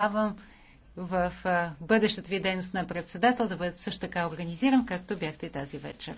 Давам в бъдещата ви дейност на председател да бъдете също така организиран, както бяхте и тази вечер.